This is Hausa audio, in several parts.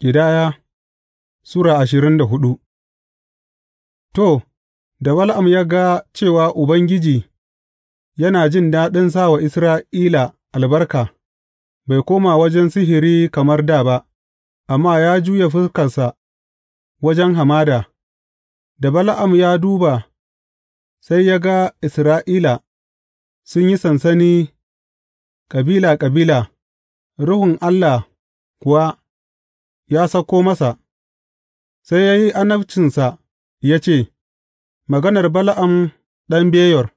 Ƙidaya Sura ashirin da hudu To, da Bala'am ya ga cewa Ubangiji yana jin daɗin sa wa Isra'ila albarka, bai koma wajen sihiri kamar da ba, amma ya juya fuskarsa wajen hamada, da Bala'am ya duba, sai ya ga Isra'ila sun yi sansani kabila kabila, Ruhun Allah kuwa. ya sauko masa, sai ya yi annabcinsa ya ce, Maganar Bala'am ɗan Beyor,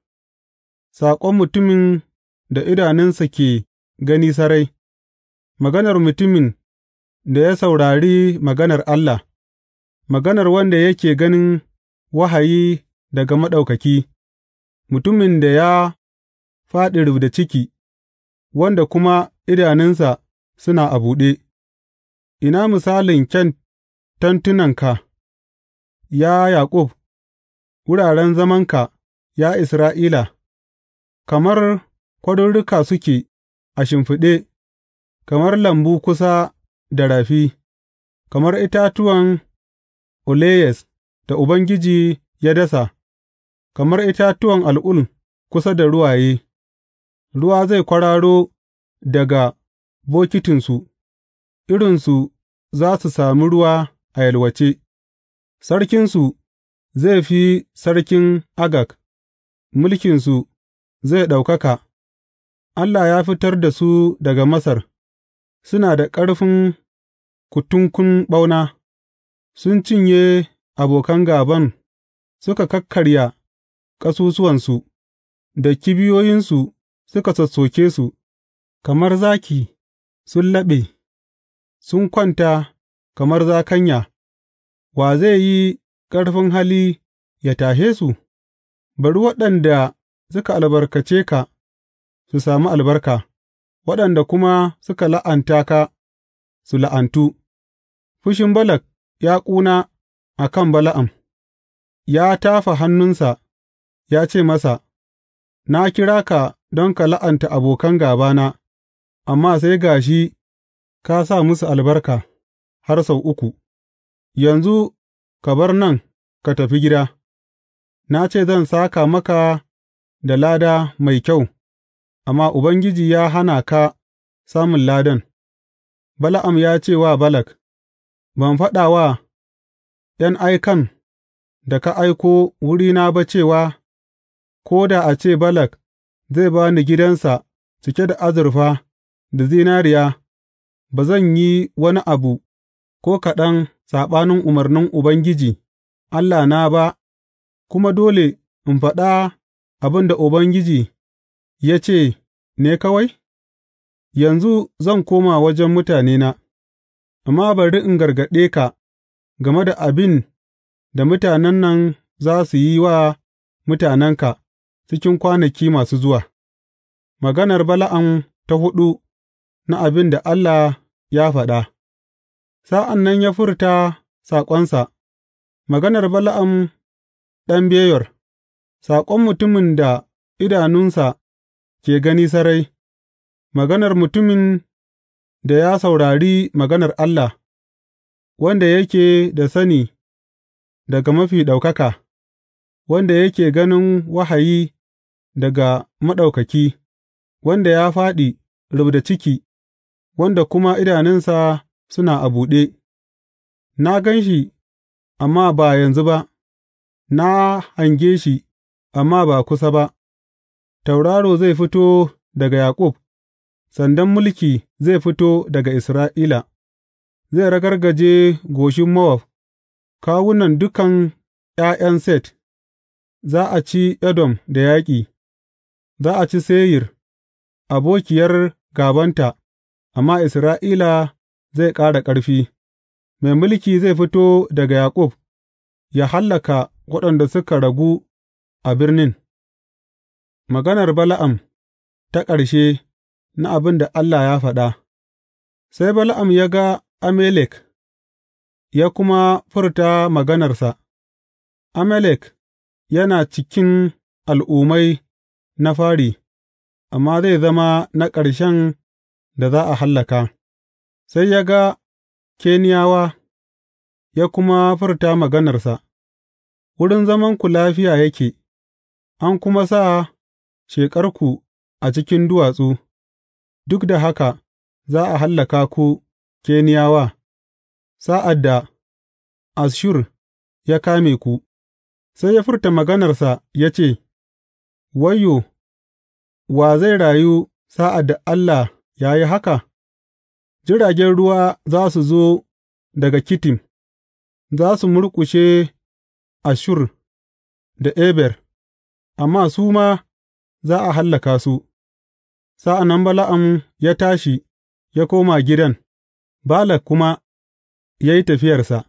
saƙon mutumin da idanunsa ke gani sarai, maganar mutumin da ya saurari maganar Allah, maganar wanda yake ganin wahayi daga Maɗaukaki, mutumin da ya fāɗi rubda ciki, wanda kuma idanunsa suna a buɗe. Ina misalin kyan tentunanka, ya Yaƙub, wuraren zamanka, ya Isra'ila, kamar kwarurruka suke a shimfiɗe, kamar lambu kusa da rafi, kamar itatuwan aloyes da Ubangiji ya dasa, kamar itatuwan al'ul kusa da ruwaye, ruwa zai kwararo daga bokitinsu. irinsu za su sami ruwa a yalwace, sarkinsu zai fi sarkin Agag, mulkinsu zai ɗaukaka, Allah ya fitar da su daga Masar, suna da ƙarfin kutunkun ɓauna, sun cinye abokan gaban suka kakkarya ƙasusuwansu, da kibiyoyinsu suka sassoke su, kamar zaki sun laɓe. sun kwanta kamar zakanya, wa zai yi ƙarfin hali ya tashe su? Bari waɗanda suka albarkace ka su sami albarka, waɗanda kuma suka la'anta ka su la'antu. Fushin Balak ya ƙuna a kan Bala'am, ya tafa hannunsa, ya ce masa, Na kira ka don ka la'anta abokan gābana, amma sai ga shi ka sa musu albarka har sau uku, yanzu ka bar nan ka tafi gida, na ce zan saka maka da lada mai kyau, amma Ubangiji ya hana ka samun ladan, Bala'am ya ce wa Balak, Ban faɗa wa ’yan aikan da ka aiko wurina ba cewa, Ko da a ce Balak zai ba ni gidansa cike da azurfa da zinariya. ba zan yi wani abu ko kaɗan saɓanin umarnin Ubangiji Allahna ba, kuma dole in faɗa abin da Ubangiji ya ce ne kawai? Yanzu zan koma wajen mutanena, amma bari in gargaɗe ka game da abin da mutanen nan za su yi wa mutanenka cikin kwanaki masu zuwa, maganar bala'an ta huɗu na abin da Allah ya faɗa, sa'an nan ya furta saƙonsa, maganar Bala'am ɗan Beyor, saƙon mutumin da idanunsa ke gani sarai, maganar mutumin da ya saurari maganar Allah, wanda yake da sani daga mafi ɗaukaka, wanda yake ganin wahayi daga Maɗaukaki, wanda ya fāɗi rubda ciki wanda kuma idanunsa suna a buɗe, na gan shi, amma ba yanzu ba, na hange shi, amma ba kusa ba, tauraro zai fito daga Yaƙub, sandan mulki zai fito daga Isra'ila, zai ragargaje goshin Mowab, kawunan dukan ’ya'yan Set, za a ci Edom da yaƙi, za a ci Seyir, abokiyar gābanta. amma Isra'ila zai ƙara ƙarfi; mai mulki zai fito daga Yaƙub ya hallaka waɗanda suka ragu a birnin Maganar Bala'am ta ƙarshe na abin da Allah ya faɗa Sai Bala'am ya ga Amalek ya kuma furta maganarsa, Amalek yana cikin al'ummai na fari, amma zai zama na ƙarshen. da za a hallaka, sai ya ga Keniyawa ya kuma furta maganarsa, Wurin zamanku lafiya yake, an kuma sa sheƙarku a cikin duwatsu, duk da haka za a hallaka ku Keniyawa, sa'ad da Ashur ya kame ku, sai ya furta maganarsa ya ce, Wayyo, wa zai rayu sa'ad da Allah ya yi haka? Jiragen ruwa za su zo daga Kittim, za su murƙushe Ashur da Eber, amma su ma za a hallaka su. Sa'an nan Bala'am ya tashi ya koma gidan, Balak kuma ya yi tafiyarsa.